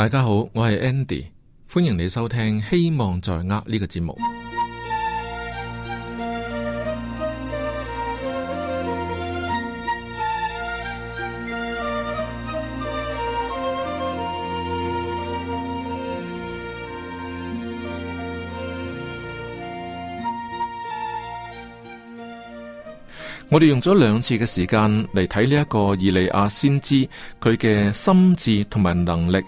大家好，我係 Andy，歡迎你收聽《希望在握》呢、這個節目。 我哋用咗兩次嘅時間嚟睇，呢一個以利亞先知佢嘅心智同埋能力。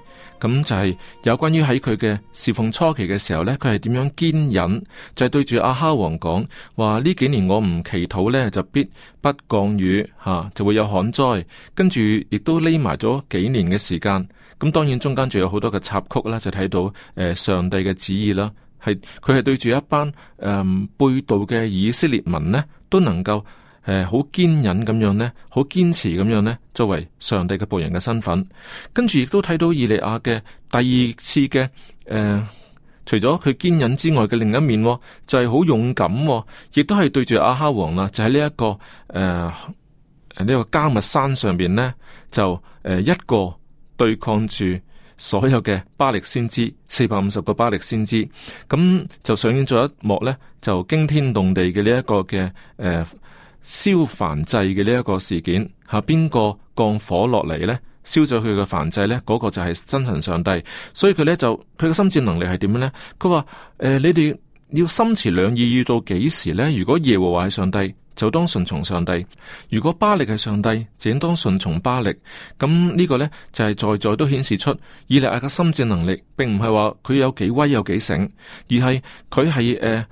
咁就係有關於喺佢嘅侍奉初期嘅時候呢，佢係點樣堅忍？就係、是、對住阿哈王講話，呢幾年我唔祈禱呢就必不降雨吓，啊，就會有旱災。跟住亦都匿埋咗幾年嘅時間。咁當然中間仲有好多嘅插曲啦，就睇到誒、呃、上帝嘅旨意啦，係佢係對住一班誒、呃、背道嘅以色列民呢，都能夠。誒，好堅、呃、忍咁樣呢，好堅持咁樣呢，作為上帝嘅僕人嘅身份，跟住亦都睇到以利亞嘅第二次嘅誒、呃，除咗佢堅忍之外嘅另一面、哦，就係、是、好勇敢、哦，亦都係對住阿哈王啦，就喺呢一個誒呢、呃這個迦密山上邊呢，就誒一個對抗住所有嘅巴力先知，四百五十個巴力先知，咁就上演咗一幕呢，就驚天動地嘅呢一個嘅誒。呃燒焚祭嘅呢一個事件，吓邊個降火落嚟呢？燒咗佢嘅焚祭呢？嗰、嗰個就係真神上帝。所以佢呢，就佢嘅心智能力係點樣呢？佢話誒，你哋要心持兩意，遇到幾時呢？如果耶和華係上帝，就當順從上帝；如果巴力係上帝，就當順從巴力。咁呢個呢，就係在在都顯示出以利亞嘅心智能力，並唔係話佢有幾威有幾醒，而係佢係誒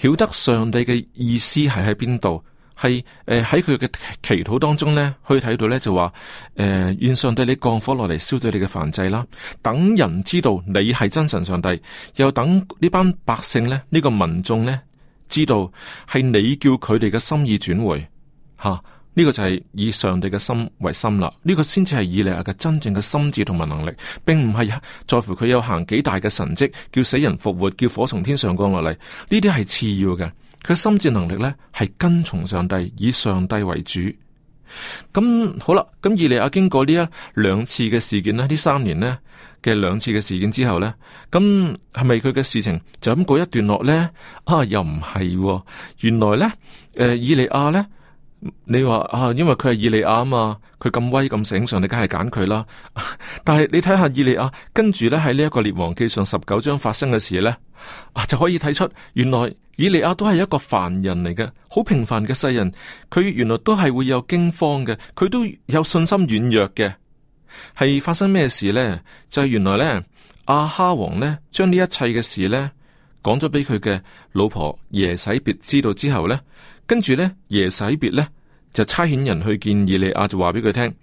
曉得上帝嘅意思係喺邊度。係誒喺佢嘅祈禱當中咧，去睇到咧就話誒，願、呃、上帝你降火落嚟燒咗你嘅燔祭啦，等人知道你係真神上帝，又等呢班百姓咧呢、呢個民眾咧知道係你叫佢哋嘅心意轉回吓，呢、呢個就係以上帝嘅心為心啦，呢、呢個先至係以利亞嘅真正嘅心志同埋能力，並唔係在乎佢有行幾大嘅神迹，叫死人復活，叫火從天上降落嚟，呢啲係次要嘅。佢心智能力咧係跟從上帝，以上帝為主。咁好啦，咁以利亞經過呢一兩次嘅事件呢，呢三年呢嘅兩次嘅事件之後咧，咁係咪佢嘅事情就咁過一段落咧？啊，又唔係、哦，原來咧，誒、呃，以利亞咧。你話啊，因為佢係以利亞啊嘛，佢咁威咁醒常， 看看，這個，上帝你梗係揀佢啦。但係你睇下以利亞，跟住呢，喺呢一個列王記上十九章發生嘅事咧，就可以睇出原來以利亞都係一個凡人嚟嘅，好平凡嘅世人。佢原來都係會有驚慌嘅，佢都有信心軟弱嘅。係發生咩事呢？就係、是、原來呢，阿哈王呢將呢一切嘅事呢講咗俾佢嘅老婆耶洗別知道之後呢，跟住呢耶洗別呢。就差遣人去見以利亞，就話俾佢聽：，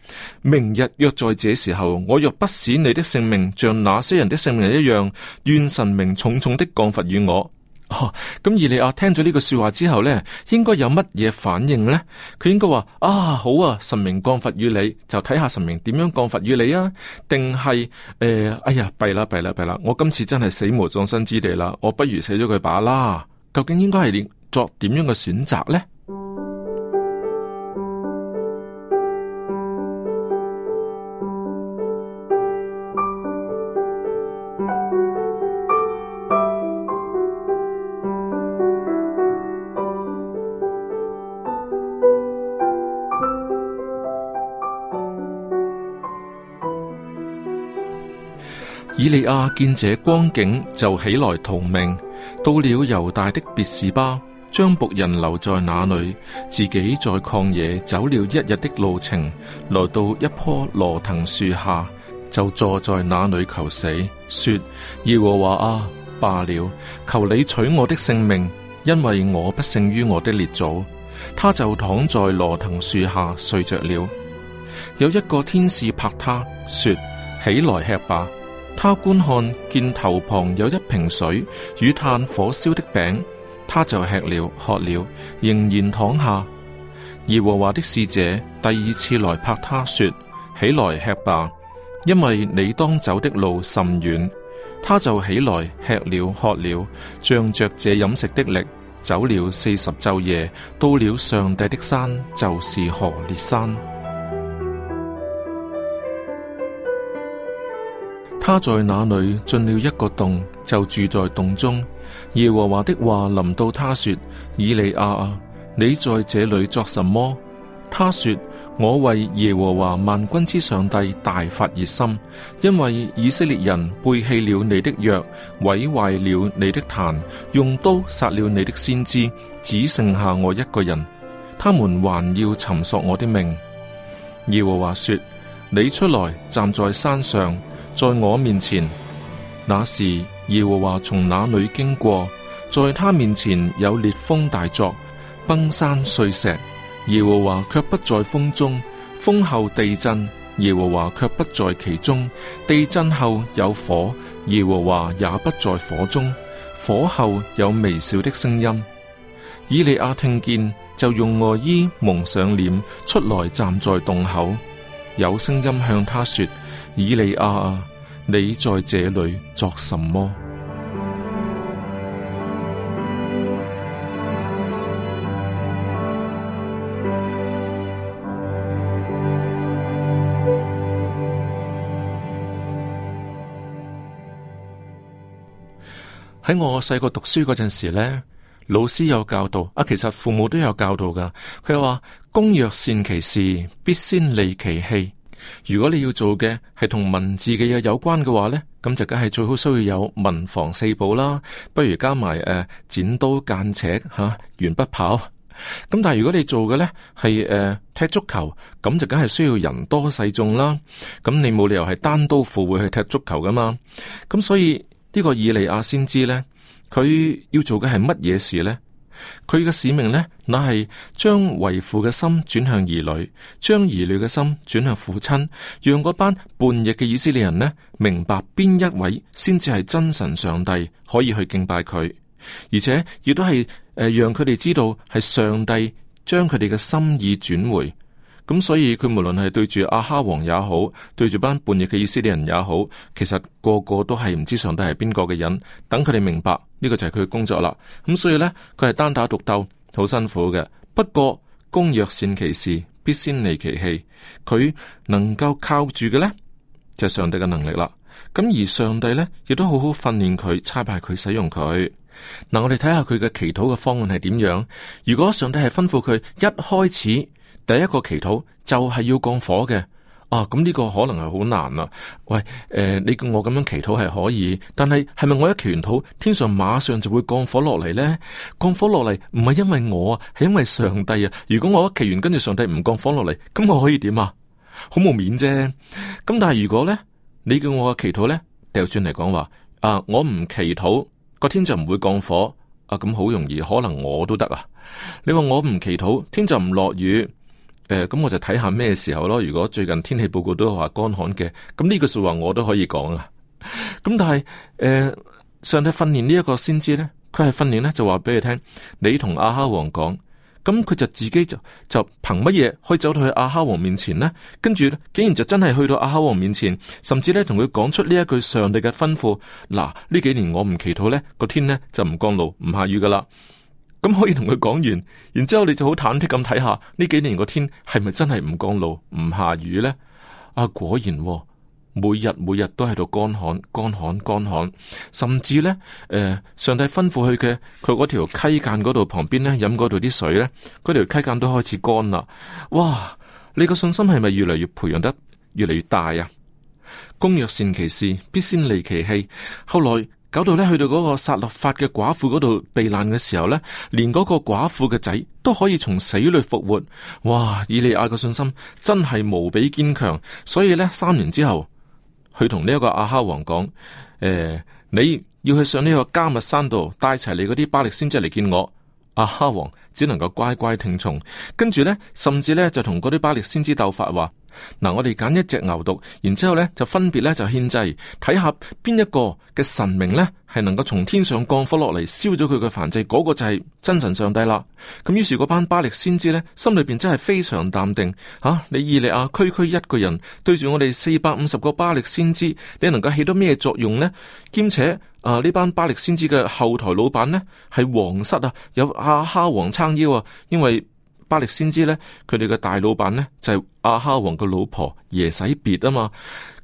明日若在這時候，我若不使你的性命，像那些人的性命一樣，願神明重重的降罰於我。咁、哦、以利亞聽咗呢句說話之後呢，應該有乜嘢反應呢？佢應該話：，啊好啊，神明降罰於你，就睇下神明點樣降罰於你啊？定係誒，哎呀，弊啦弊啦弊啦，我今次真係死無葬身之地啦！我不如死咗佢把啦。究竟應該係作點樣嘅選擇呢？以利亞見這光景，就起來逃命，到了猶大的別是巴，將僕人留在那裏，自己在曠野走了一日的路程，來到一棵羅藤樹下，就坐在那裏求死，說：耶和華啊，罷了，求你取我的性命，因為我不勝於我的列祖。他就躺在羅藤樹下睡着了。有一個天使拍他，說：起來吃吧。他觀看見頭旁有一瓶水與炭火燒的餅，他就吃了喝了，仍然躺下。耶和華的使者第二次來拍他說：起來吃吧，因為你當走的路甚遠。他就起來吃了喝了，仗着這飲食的力，走了四十晝夜，到了上帝的山，就是何烈山。他在那裏進了一個洞，就住在洞中。耶和華的話臨到他說：“以利亞啊，你在這裏作什麼？”他說：“我為耶和華萬軍之上帝大發熱心，因為以色列人背棄了你的約，毀壞了你的壇，用刀殺了你的先知，只剩下我一個人。他們還要尋索我的命。”耶和華說：“你出來站在山上。”在我面前，那時耶和華從那裏經過，在他面前有烈風大作，崩山碎石。耶和華卻不在風中，風後地震，耶和華卻不在其中。地震後有火，耶和華也不在火中，火後有微小的聲音。以利亞聽見，就用外衣蒙上臉，出來站在洞口。有聲音向他說。以利亞啊，你 在這裏作什麼？喺我細個讀書嗰陣時呢，老師有教導啊，其實父母都有教導噶。佢話：工欲善其事，必先利其器。如果你要做嘅係同文字嘅嘢有關嘅話呢，咁就梗係最好需要有文房四寶啦，不如加埋誒、呃、剪刀、間尺吓、鉛筆、刨咁。但係如果你做嘅呢係誒踢足球，咁就梗係需要人多勢眾啦。咁你冇理由係單刀赴會去踢足球噶嘛。咁所以呢、呢個以利亞先知呢，佢要做嘅係乜嘢事呢？佢嘅使命呢，乃係將為父嘅心轉向兒女，將兒女嘅心轉向父親，讓嗰班叛逆嘅以色列人呢，明白邊一位先至係真神上帝可以去敬拜佢，而且亦都係誒、呃、讓佢哋知道係上帝將佢哋嘅心意轉回。咁所以佢無論係對住阿哈王也好，對住班叛逆嘅以色列人也好，其實個個都係唔知上帝係邊個嘅人，等佢哋明白。呢個就係佢嘅工作啦，咁、嗯、所以呢，佢係單打獨鬥，好辛苦嘅。不過工若善其事，必先利其器。佢能夠靠住嘅呢，就係、是、上帝嘅能力啦。咁、嗯、而上帝呢，亦都好好訓練佢，差派佢使用佢。嗱、嗯，我哋睇下佢嘅祈禱嘅方案係點樣。如果上帝係吩咐佢一開始第一個祈禱就係要降火嘅。啊，咁呢個可能係好難啦、啊。喂，誒、呃，你叫我咁樣祈禱係可以，但係係咪我一祈禱天上馬上就會降火落嚟呢？降火落嚟唔係因為我啊，係因為上帝啊。如果我一祈完跟住上帝唔降火落嚟，咁我可以點啊？好冇面啫。咁但係如果咧，你叫我祈禱咧，掉轉嚟講話啊，我唔祈禱個天就唔會降火啊，咁好容易可能我都得啊。你話我唔祈禱天就唔落雨。誒，咁、嗯嗯、我就睇下咩時候咯。如果最近天氣報告都話乾旱嘅，咁、嗯、呢句說話我都可以講啊。咁、嗯、但係，誒、嗯，上帝訓練呢一個先知呢，佢係訓練呢就話俾你聽，你同阿哈王講，咁、嗯、佢就自己就就憑乜嘢可以走到去阿哈王面前呢？跟住竟然就真係去到阿哈王面前，甚至咧同佢講出呢一句上帝嘅吩咐。嗱，呢幾年我唔祈禱呢個天呢，就唔乾旱降露，唔下雨噶啦。咁可以同佢講完，然之後你就好忐忑咁睇下呢幾年個天係咪真係唔降露，唔下雨呢？啊，果然，哦，每日每日都喺度乾旱、乾旱、乾旱，甚至呢，誒、呃，上帝吩咐去嘅，佢嗰條溪澗嗰度旁邊呢飲嗰度啲水呢，嗰條溪澗都開始乾啦。哇，你個信心係咪越嚟越培養得越嚟越大啊？工欲善其事，必先利其器。後來。搞到呢去到嗰個撒勒法嘅寡婦嗰度避難嘅時候呢，連嗰個寡婦嘅仔都可以從死裏復活。哇！以利亞嘅信心真係無比堅強。所以呢三年之後，佢同呢一個阿哈王講，誒、欸，你要去上呢個迦密山度帶齊你嗰啲巴力先知嚟見我。阿哈王只能夠乖乖聽從，跟住呢，甚至呢就同嗰啲巴力先知鬥法話。嗱，我哋揀一隻牛犢，然之後咧就分別咧就獻祭，睇下邊一個嘅神明咧係能夠從天上降火落嚟，燒咗佢嘅燔祭，嗰個就係真神上帝啦。咁於是嗰班巴力先知咧，心裏邊真係非常淡定吓、啊。你以利亞，區區一個人，對住我哋四百五十個巴力先知，你能夠起到咩作用呢？兼且啊，呢班巴力先知嘅後台老闆呢，係皇室啊，有亞哈王撐腰啊，因為，巴力先知呢，佢哋嘅大老闆呢，就係、是、阿哈王嘅老婆耶洗別啊嘛，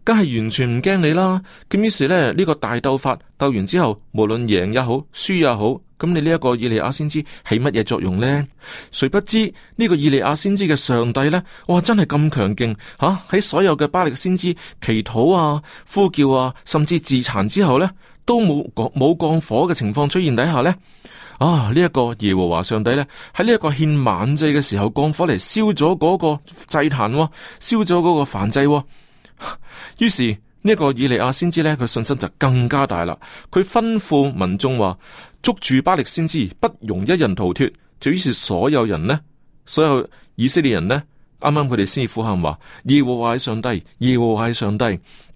梗係完全唔驚你啦。咁於是呢，呢、這個大鬥法鬥完之後，無論贏也好，輸也好，咁你呢一個伊利亞先知起乜嘢作用呢？誰不知呢、這個伊利亞先知嘅上帝呢，哇真係咁強勁吓！喺、啊、所有嘅巴力先知祈禱啊、呼叫啊，甚至自殘之後呢，都冇降冇降火嘅情況出現底下呢。啊！呢、這、一個耶和華上帝咧，喺呢一個獻晚祭嘅時候，降火嚟燒咗嗰個祭壇、哦，燒咗嗰個燔祭、哦。就於是呢一、這個以利亞先知咧，佢信心就更加大啦。佢吩咐民眾話：捉住巴力先知，不容一人逃脱。就於是所有人呢，所有以色列人呢，啱啱佢哋先至呼喊話：耶和華喺上帝，耶和華喺上帝。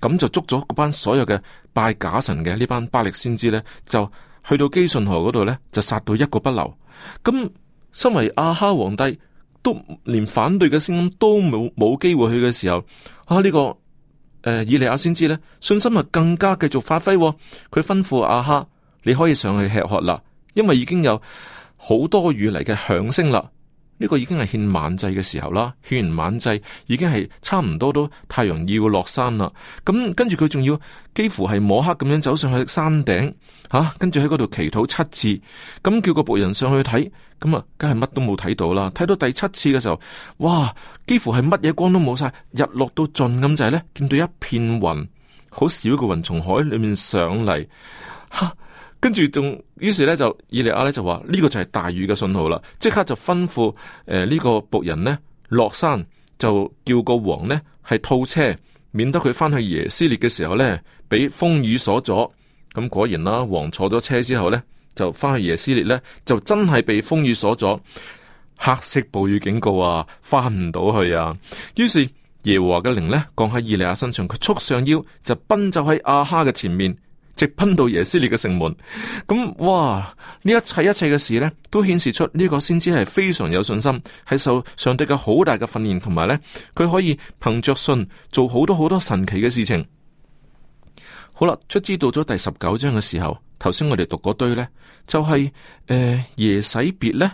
咁就捉咗嗰班所有嘅拜假神嘅呢班巴力先知咧，就。去到基順河嗰度咧，就殺到一個不留。咁身為阿哈皇帝，都連反對嘅聲音都冇冇機會去嘅時候，啊呢、這個誒、呃、以利亞先知咧，信心啊更加繼續發揮、哦。佢吩咐阿、啊、哈，你可以上去吃喝啦，因為已經有好多雨嚟嘅響聲啦。呢個已經係獻晚祭嘅時候啦，欠完晚祭已經係差唔多都太陽要落山啦。咁、嗯、跟住佢仲要幾乎係摸黑咁樣走上去山頂，吓、啊，跟住喺嗰度祈禱七次，咁、嗯、叫個僕人上去睇，咁、嗯、啊，梗係乜都冇睇到啦。睇到第七次嘅時候，哇，幾乎係乜嘢光都冇晒，日落到盡咁、嗯、就係、是、咧，見到一片雲，好少個雲從海裏面上嚟，哈、啊。跟住仲，於是咧就以利亞咧就話呢個就係大雨嘅信號啦，即刻就吩咐誒、呃這個、呢個僕人咧落山，就叫個王咧係套車，免得佢翻去耶斯列嘅時候咧，俾風雨鎖咗。咁果然啦，王坐咗車之後咧，就翻去耶斯列咧，就真係被風雨鎖咗。黑色暴雨警告啊，翻唔到去啊！於是耶和華嘅靈咧降喺以利亞身上，佢束上腰就奔走喺阿哈嘅前面。直奔到耶斯列嘅城門，咁、嗯、哇呢，一切一切嘅事呢，都顯示出呢個先知係非常有信心，係受上帝嘅好大嘅訓練，同埋呢，佢可以憑着信做好多好多神奇嘅事情。好啦，卒之到咗第十九章嘅時候，頭先我哋讀嗰堆呢，就係、是、誒、呃、耶洗別呢，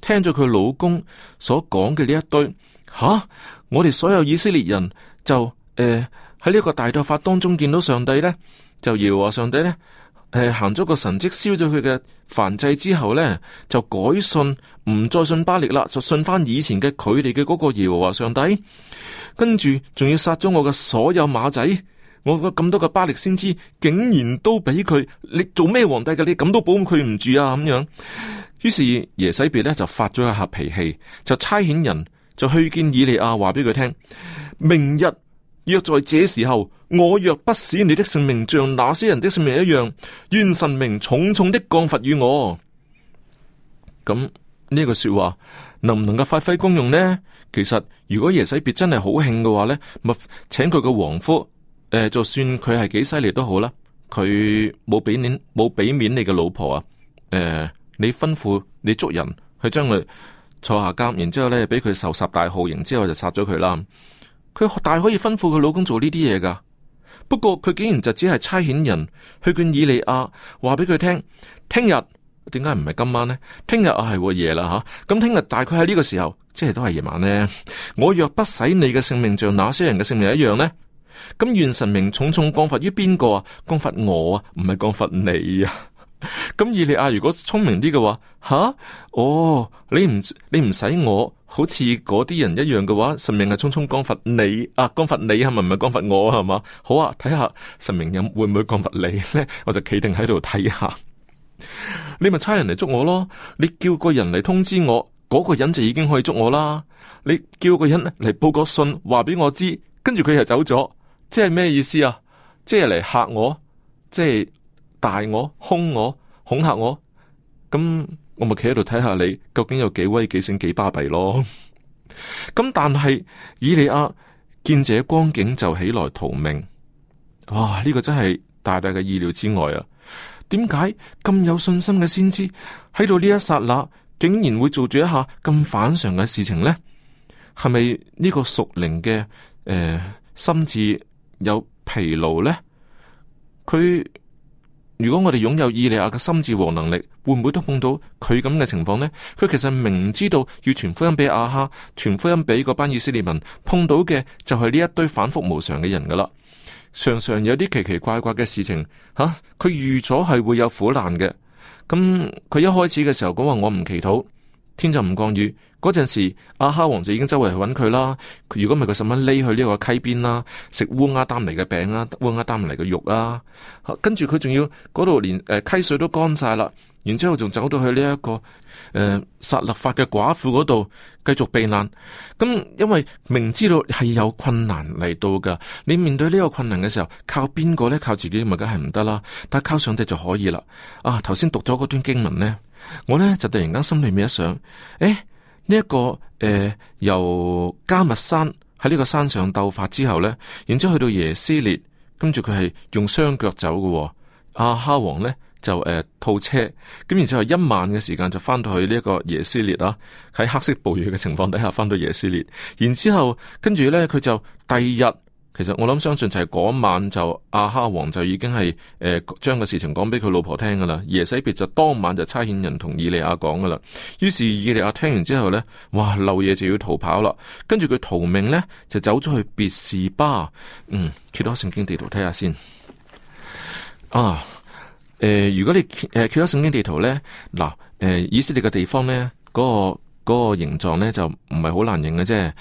聽咗佢老公所講嘅呢一堆吓、啊，我哋所有以色列人就誒喺呢一個大鬥法當中見到上帝呢。就耶和華上帝呢，誒行咗個神蹟，燒咗佢嘅燔祭之後呢就改信唔再信巴力啦，就信返以前嘅佢哋嘅嗰個耶和華上帝。跟住仲要殺咗我嘅所有馬仔，我嘅咁多嘅巴力先知，竟然都俾佢，你做咩皇帝嘅？你咁都保佢唔住啊？咁樣，於是耶洗別呢就發咗一下脾氣，就差遣人就去見以利亞，話俾佢聽，明日。若在這時候，我若不使你的性命像那些人的性命一樣，願神明重重的降罰於我。咁呢句說話能唔能夠發揮功用呢？其實如果耶洗別真係好興嘅話呢，咪請佢個王夫。就算佢係幾犀利都好啦，佢冇俾面，冇俾面你嘅老婆啊，誒、呃，你吩咐你捉人去將佢坐下監，然之後咧俾佢受殺大號刑，然之後就殺咗佢啦。佢大可以吩咐佢老公做呢啲嘢噶，不過佢竟然就只係差遣人去勸以利亞，話俾佢聽，聽日點解唔係今晚呢？聽日啊係夜啦吓、啊，咁聽日大概喺呢個時候，即係都係夜晚呢。我若不使你嘅性命像那些人嘅性命一樣呢？咁願神明重重降罰於邊個啊？降罰我啊，唔係降罰你啊。咁以你啊，如果聰明啲嘅話，吓，哦，你唔你唔使我，好似嗰啲人一樣嘅話，神明係匆匆光罰你，啊，光罰你係咪唔係光罰我啊，係嘛？好啊，睇下神明有會唔會光罰你咧？我就企定喺度睇下， 你咪差人嚟捉我咯，你叫個人嚟通知我，嗰、那個人就已經可以捉我啦。你叫個人嚟報個信，話俾我知，跟住佢又走咗，即係咩意思啊？即係嚟吓我，即係。大我，凶我，恐嚇我，咁我咪企喺度睇下你究竟有幾威、幾盛、幾巴閉咯？咁 但係以利亞見這光景就起來逃命，哇！呢、這個真係大大嘅意料之外啊！點解咁有信心嘅先知喺度呢一剎那，竟然會做住一下咁反常嘅事情呢？係咪呢個屬靈嘅誒心智有疲勞呢？佢？如果我哋擁有以利亞嘅心智和能力，會唔會都碰到佢咁嘅情況呢？佢其實明知道要傳福音俾亞哈，傳福音俾嗰班以色列民，碰到嘅就係呢一堆反覆無常嘅人噶啦。常常有啲奇奇怪怪嘅事情，吓、啊、佢預咗係會有苦難嘅。咁佢一開始嘅時候講話我唔祈禱。天就唔降雨，嗰陣時阿哈王子已經周圍去揾佢啦。如果唔係佢使乜匿去呢個溪邊啦，食烏鴉擔嚟嘅餅啦，烏鴉擔嚟嘅肉啦，跟住佢仲要嗰度連誒溪水都乾晒啦。然之後仲走到去呢一個誒殺、呃、立法嘅寡婦嗰度繼續避難，咁、嗯、因為明知道係有困難嚟到噶，你面對呢個困難嘅時候，靠邊個咧？靠自己咪梗係唔得啦，但係靠上帝就可以啦。啊，頭先讀咗嗰段經文咧，我咧就突然間心裏面一想，誒呢一、這個誒、呃、由迦密山喺呢個山上鬥法之後咧，然之後去到耶斯列，跟住佢係用雙腳走嘅、哦，亞、啊、哈王咧。就誒、呃、套車，咁然之後一晚嘅時間就翻到去呢一個耶斯列啦、啊，喺黑色暴雨嘅情況底下翻到耶斯列，然之後跟住呢，佢就第二日，其實我諗相信就係嗰晚就亞、啊、哈王就已經係誒、呃、將個事情講俾佢老婆聽噶啦，耶洗別就當晚就差遣人同以利亞講噶啦，於是以利亞聽完之後呢，哇漏夜就要逃跑啦，跟住佢逃命呢，就走咗去別士巴，嗯，切多聖經地圖睇下先，啊。誒、呃，如果你誒睇咗聖經地圖咧，嗱，誒、呃、以色列嘅地方咧，嗰、那個嗰、那個形狀咧就唔係好難認嘅啫。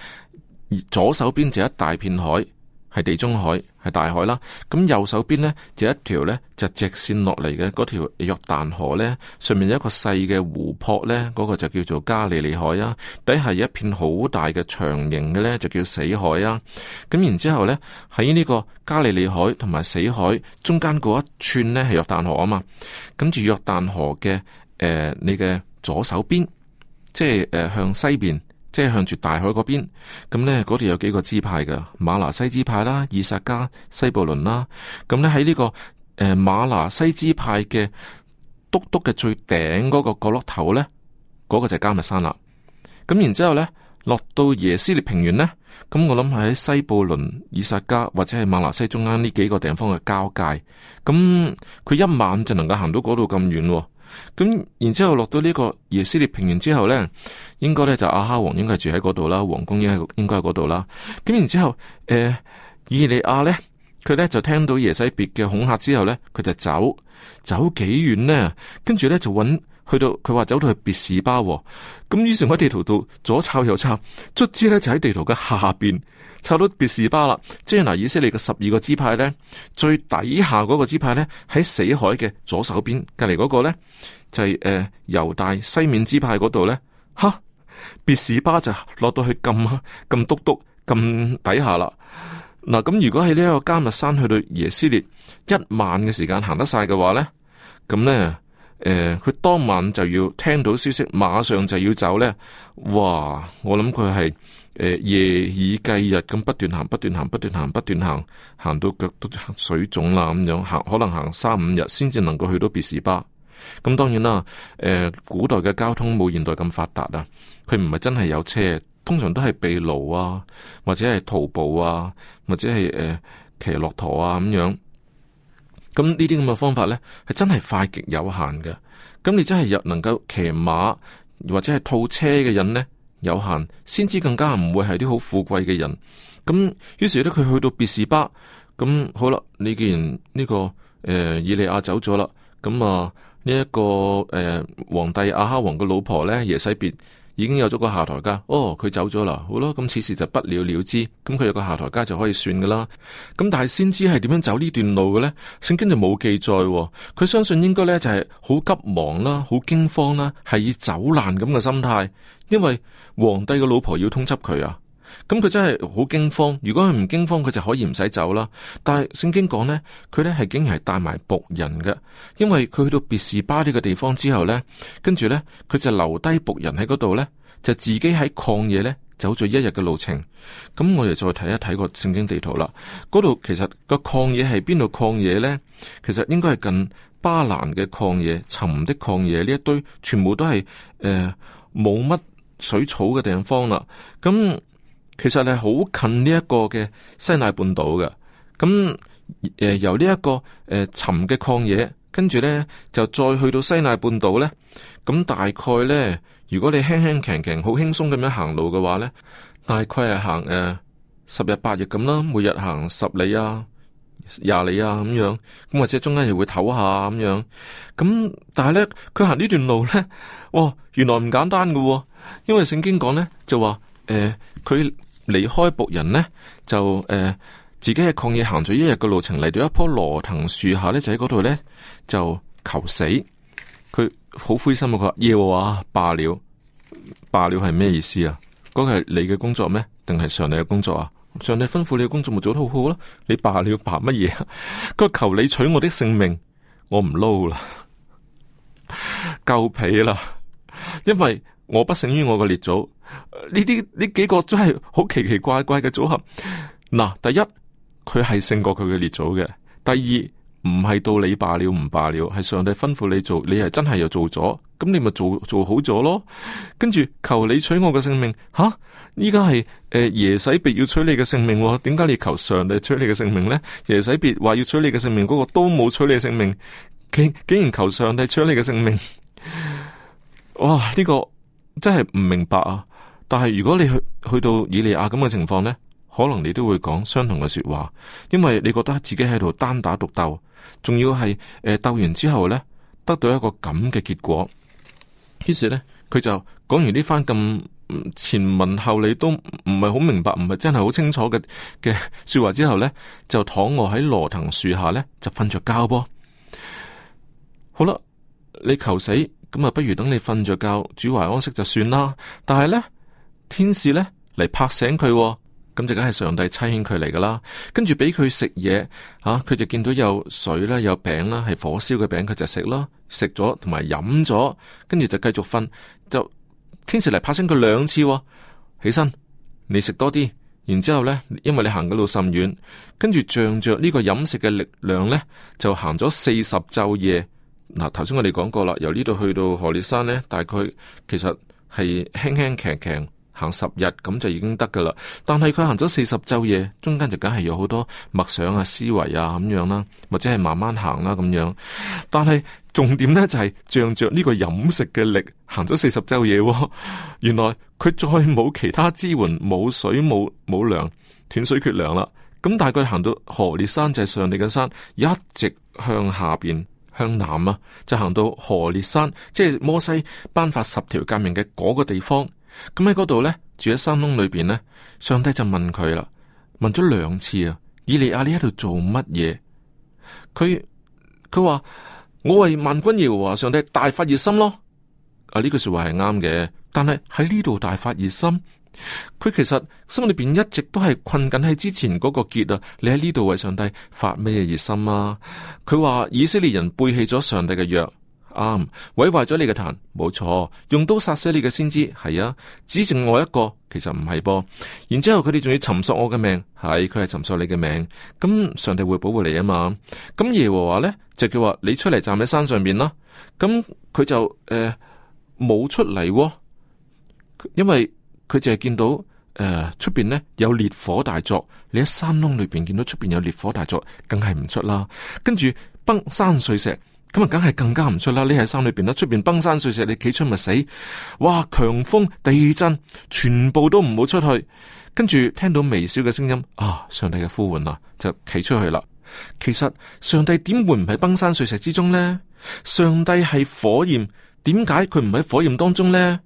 左手邊就一大片海，係地中海。係大海啦，咁右手邊呢，就是、一條呢，就是、直線落嚟嘅嗰條約旦河呢，上面有一個細嘅湖泊呢，嗰、嗰個就叫做加利利海啊。底下有一片好大嘅長形嘅呢，就叫死海啊。咁然之後呢，喺呢個加利利海同埋死海中間嗰一串呢，係約旦河啊嘛。咁住約旦河嘅誒、呃、你嘅左手邊，即係誒、呃、向西邊。即係向住大海嗰邊，咁咧嗰度有幾個支派噶，馬拿西支派啦、以撒加、西布倫啦，咁咧喺呢個誒、呃、馬拿西支派嘅督督嘅最頂嗰個角落頭咧，嗰、嗰個就係迦密山啦。咁然之後咧，落到耶斯列平原咧，咁我諗係喺西布倫、以撒加或者係馬拿西中間呢幾個地方嘅交界，咁佢一晚就能夠行到嗰度咁遠。咁然之後落到呢個耶斯列平原之後咧，應該咧就亞哈王應該住喺嗰度啦，王宮應該應該喺嗰度啦。咁然之後，誒、呃，以利亞咧，佢咧就聽到耶洗別嘅恐吓之後咧，佢就走，走幾遠咧？跟住咧就揾去到，佢話走到去別士巴、哦。咁於是我喺地圖度左抄右抄，卒之咧就喺地圖嘅下邊。插到別士巴啦，即係嗱，以色列嘅十二個支派咧，最底下嗰個支派咧，喺死海嘅左手邊隔籬嗰個咧，就係誒猶大西面支派嗰度咧，哈，別士巴就落到去咁咁篤篤咁底下啦。嗱，咁如果喺呢一個加密山去到耶斯列一晚嘅時間行得晒嘅話咧，咁咧，誒、呃，佢當晚就要聽到消息，馬上就要走咧。哇，我諗佢係。呃、夜以繼日咁不斷行，不斷行，不斷行，不斷行，行到腳都水腫啦咁樣行，可能行三五日先至能夠去到別士巴。咁當然啦，呃、古代嘅交通冇現代咁發達啊，佢唔係真係有車，通常都係背路啊，或者係徒步啊，或者係誒騎駱駝啊咁樣。咁呢啲咁嘅方法呢，係真係快極有限嘅。咁你真係能夠騎馬或者係套車嘅人呢。有限，先知更加唔會係啲好富貴嘅人。咁於是咧，佢去到別士巴。咁好啦，你既然呢，這個誒、呃、以利亞走咗啦，咁啊呢一、這個誒、呃、皇帝阿哈王嘅老婆咧耶西別。已經有咗個下台階，哦，佢走咗啦，好咯，咁此事就不了了之，咁佢有個下台階就可以算㗎啦，咁但係先知係點樣走呢段路嘅咧？聖經就冇記載，哦，佢相信應該咧就係好急忙啦，好驚慌啦，係以走難咁嘅心態，因為皇帝嘅老婆要通緝佢啊。咁佢真係好驚慌，如果佢唔驚慌，佢就可以唔使走啦。但係聖經講呢，佢呢係竟然係帶埋僕人嘅，因為佢去到別是巴呢個地方之後呢，跟住呢，佢就留低僕人喺嗰度呢，就自己喺曠野呢走咗一日嘅路程。咁我哋再睇一睇個聖經地圖啦。嗰度其實個曠野係邊度曠野呢？其實應該係近巴蘭嘅曠野、沉的曠野呢一堆，全部都係誒冇乜水草嘅地方啦。咁其實你好近呢一個嘅西奈半島嘅，咁誒、呃、由呢、這、一個誒、呃、沉嘅曠野，跟住咧就再去到西奈半島咧，咁大概咧，如果你輕輕奇奇好輕鬆咁樣行路嘅話咧，大概係行誒、呃、十日八日咁啦，每日行十里啊、廿里啊咁樣，咁或者中間又會唞下咁樣，咁但係咧佢行呢段路咧，哇、哦、原來唔簡單噶、哦，因為聖經講咧就話。誒，佢離、呃、開僕人呢，就誒、呃、自己喺曠野行咗一日嘅路程，嚟到一棵羅藤樹下咧，就喺嗰度咧就求死。佢好灰心啊，佢話耶和華，罷了，罷了係咩意思啊？嗰、嗰個係你嘅工作咩？定係上帝嘅工作啊？上帝吩咐你嘅工作咪做得好好、啊、咯？你罷了，罷乜嘢？佢 求你取我的性命，我唔撈啦，夠皮啦， 因為。我不勝於我嘅列祖，呢啲呢幾個真係好奇奇怪怪嘅組合。嗱，第一，佢係勝過佢嘅列祖嘅；第二，唔係到你罷了，唔罷了，係上帝吩咐你做，你係真係又做咗，咁你咪做做好咗咯。跟住求你取我嘅性命，吓、啊，依家係誒耶洗別要取你嘅性命、哦，點解你求上帝取你嘅性命咧？耶洗別話要取你嘅性命，嗰、那個都冇取你性命，竟竟然求上帝取你嘅性命，哇！呢、這個。真係唔明白啊！但係如果你去去到以利亞咁嘅情況呢，可能你都會講相同嘅說話，因為你覺得自己喺度單打獨鬥，仲要係誒鬥完之後呢，得到一個咁嘅結果。於是呢，佢就講完呢番咁前文後理都唔係好明白，唔係真係好清楚嘅嘅說話之後呢，就躺卧喺羅藤樹下呢，就瞓着覺噃。好啦，你求死。咁啊，不如等你瞓着覺，主懷安息就算啦。但係咧，天使咧嚟拍醒佢。哦，咁就梗係上帝差遣佢嚟噶啦。跟住俾佢食嘢，啊，佢就見到有水啦，有餅啦，係火燒嘅餅，佢就食咯。食咗同埋飲咗，跟住就繼續瞓。就天使嚟拍醒佢兩次。哦，起身，你食多啲。然之後咧，因為你行嘅路甚遠，跟住仗着呢個飲食嘅力量咧，就行咗四十晝夜。嗱，頭先、啊、我哋講過啦，由呢度去到河烈山咧，大概其實係輕輕騎騎行十日咁就已經得噶啦。但係佢行咗四十晝夜，中間就梗係有好多默想啊、思維啊咁樣啦、啊，或者係慢慢行啦、啊、咁樣。但係重點咧就係仗着呢個飲食嘅力行咗四十晝夜、啊。原來佢再冇其他支援，冇水冇冇糧斷水缺糧啦。咁大概行到河烈山就係、是，上帝嘅山，一直向下邊。向南啊，就行到何烈山，即係摩西頒發十條誡命嘅嗰個地方。咁喺嗰度咧，住喺山窿裏邊咧，上帝就問佢啦，問咗兩次啊，以利亞呢喺度做乜嘢？佢佢話我為萬軍耶和華上帝大發熱心咯。啊呢句話說話係啱嘅，但係喺呢度大發熱心。佢其實心裏邊一直都係困緊喺之前嗰個結啊。你喺呢度為上帝發咩嘢熱心啊？佢話以色列人背棄咗上帝嘅約，啱毀壞咗你嘅壇，冇錯，用刀殺死你嘅先知，係啊，只剩我一個，其實唔係噃。然之後佢哋仲要尋索我嘅命，係佢係尋索你嘅命，咁、嗯、上帝會保護你啊嘛。咁、嗯、耶和華呢，就叫話你出嚟站喺山上邊、啊、啦。咁、嗯、佢就誒冇、呃、出嚟、啊，因為。佢淨係見到誒，出邊咧，有烈火大作，你喺山窿裏邊見到出邊有烈火大作，梗係唔出啦。跟住崩山碎石，咁啊，梗係更加唔出啦。你喺山裏邊啦，出邊崩山碎石，你企出咪死。哇，強風、地震，全部都唔好出去。跟住聽到微小嘅聲音，啊，上帝嘅呼喚啊，就企出去啦。其實上帝點會唔喺崩山碎石之中呢？上帝係火焰，點解佢唔喺火焰當中呢？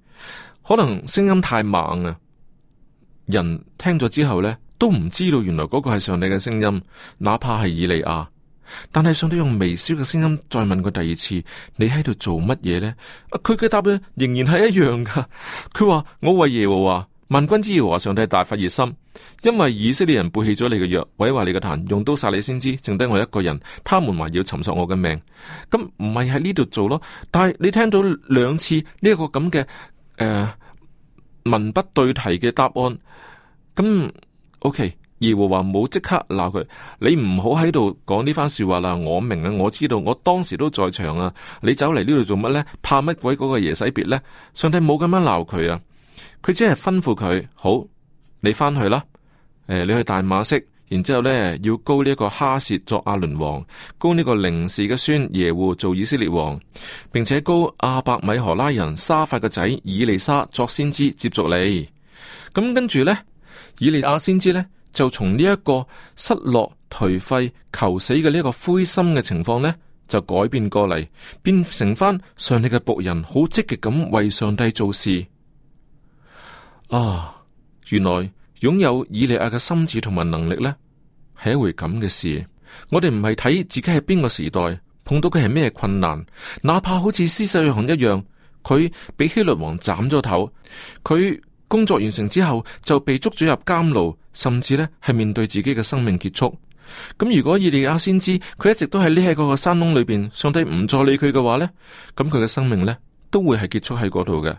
可能聲音太猛啊，人聽咗之後呢，都唔知道原來嗰個係上帝嘅聲音，哪怕係以利亞。但係上帝用微小嘅聲音再問佢第二次：你喺度做乜嘢呢？啊」佢嘅答案仍然係一樣噶。佢話：我為耶和華，啊、萬軍之耶和華，啊、上帝大發熱心，因為以色列人背棄咗你嘅約，毀壞你嘅壇，用刀殺你先知，剩低我一個人，他們還要尋索我嘅命。咁唔係喺呢度做咯。但係你聽到兩次呢個咁嘅。誒、呃，文不對題嘅答案，咁 OK。耶和華冇即刻鬧佢，你唔好喺度講呢番說話啦。我明啊，我知道，我當時都在場啊。你走嚟呢度做乜咧？怕乜鬼嗰個耶洗別咧？上帝冇咁樣鬧佢啊，佢只係吩咐佢，好，你翻去啦。誒、呃，你去大馬色。然之後咧，要高呢一個哈薛作阿倫王，高呢個靈士嘅孫耶戶做以色列王，並且高阿伯米荷拉人沙法嘅仔以利沙作先知接續你。咁跟住呢，以利亞先知呢，就從呢一個失落、頹廢、求死嘅呢一個灰心嘅情況呢，就改變過嚟，變成翻上帝嘅僕人，好積極咁為上帝做事。啊，原來。擁有以利亞嘅心智同埋能力呢，係一回咁嘅事。我哋唔係睇自己係邊個時代，碰到嘅係咩困難，哪怕好似施洗約翰一樣，佢俾希律王斬咗頭，佢工作完成之後就被捉咗入監牢，甚至咧係面對自己嘅生命結束。咁如果以利亞先知，佢一直都係匿喺嗰個山窿裏邊，上帝唔再理佢嘅話咧，咁佢嘅生命咧都會係結束喺嗰度嘅。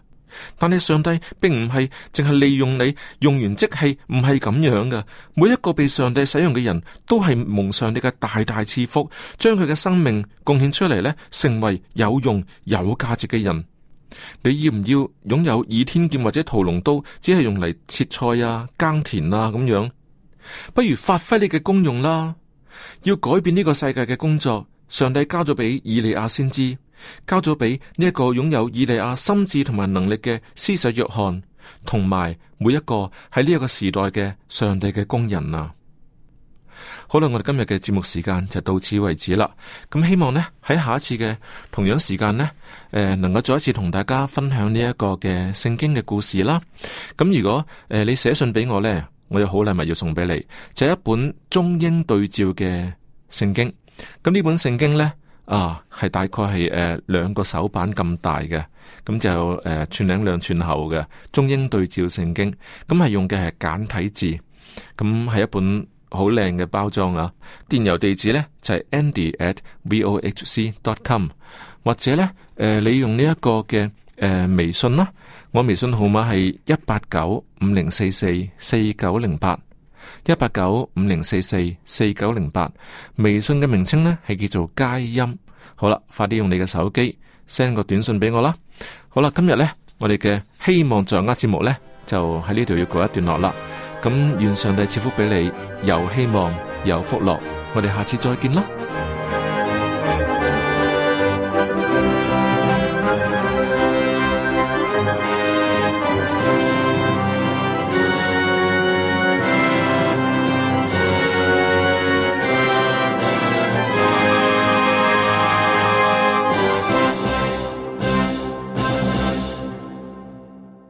但係上帝並唔係淨係利用你，用完即棄，唔係咁樣噶，每一個被上帝使用嘅人都係蒙上帝嘅大大賜福，將佢嘅生命貢獻出嚟呢，成為有用有價值嘅人。你要唔要擁有倚天劍或者屠龍刀？只係用嚟切菜啊、耕田啊咁樣，不如發揮你嘅功用啦。要改變呢個世界嘅工作。上帝交咗俾以利亞先知，交咗俾呢一個擁有以利亞心智同埋能力嘅施洗約翰，同埋每一個喺呢一個時代嘅上帝嘅工人啊！好啦，我哋今日嘅節目時間就到此為止啦。咁希望呢，喺下一次嘅同樣時間呢，誒，能夠再一次同大家分享呢一個嘅聖經嘅故事啦。咁如果誒你寫信俾我呢，我有好禮物要送俾你，就是，一本中英對照嘅聖經。咁呢本聖經呢，啊，係大概係誒兩個手板咁大嘅，咁就誒串領兩寸厚嘅中英對照聖經，咁係用嘅係簡體字，咁係一本好靚嘅包裝啊。電郵地址呢，就係、是、andy at vohc.com，或者呢，誒、呃、你用呢一個嘅誒、呃、微信啦、啊，我微信號碼係一八九五零四四四九零八。一八九五零四四四九零八，8, 微信嘅名稱呢係叫做佳音。好啦，快啲用你嘅手機 send 個短信俾我啦。好啦，今日呢，我哋嘅希望掌握節目呢，就喺呢度要告一段落啦。咁願上帝賜福俾你，又希望，又福樂。我哋下次再見啦。